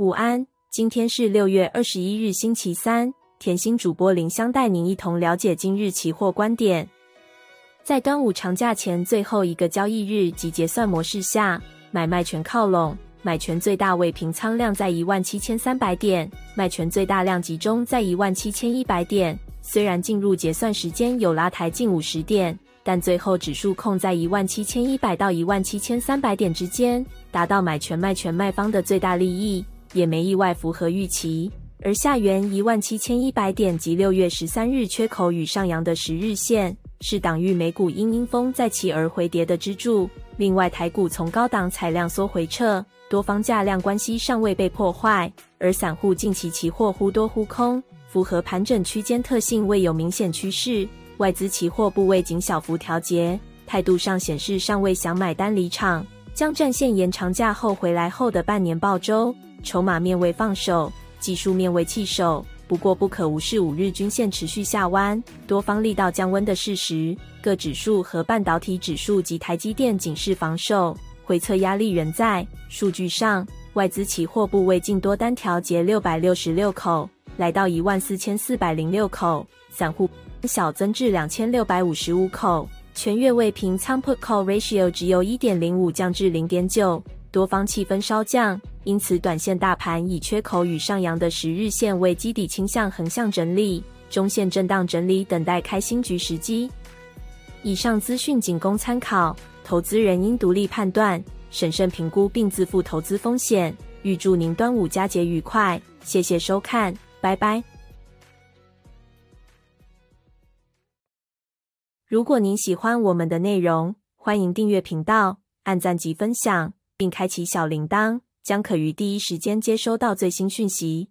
午安，今天是六月二十一日，星期三。甜心主播林香帶您一同了解今日期貨觀點。在端午長假前最後一個交易日及結算模式下，買賣權靠攏，買權最大未平倉量在一萬七千三百點，賣權最大量集中在一萬七千一百點。雖然進入結算時間有拉抬近五十點，但最後指數控在一萬七千一百到一萬七千三百點之間，達到買權賣權賣方的最大利益。也沒意外，符合預期。而下緣一萬七千一百點及六月十三日缺口與上揚的十日線是擋禦美股因鷹風再起而回跌的支柱。另外，台股從高檔採量縮回撤，多方價量關係尚未被破壞。而散戶近期期貨忽多忽空，符合盤整區間特性，未有明顯趨勢。外資期貨部位僅小幅調節，態度上顯示尚未想買單離場，將戰線延長假後回來後的半年報週。籌碼面未放守，技術面未棄守，不過不可無視五日均線持續下彎、多方力道降溫的事實。各指數和半導體指數及台積電僅是防守，回測壓力仍在。數據上，外資期貨部位淨多單調節六百六十六口，來到一萬四千四百零六口，散戶小增至兩千六百五十五口，全月未平倉 Put Call Ratio 值由一點零五，降至零點九。多方氣氛稍降，因此短線大盤以缺口與上揚的十日線為基底傾向橫向整理，中線震盪整理，等待開新局時機。以上資訊僅供參考，投資人應獨立判斷，審慎評估並自負投資風險。預祝您端午佳節愉快！謝謝收看，拜拜。如果您喜歡我們的內容，歡迎訂閱頻道，按讚及分享。並開啟小鈴鐺，將可於第一時間接收到最新訊息。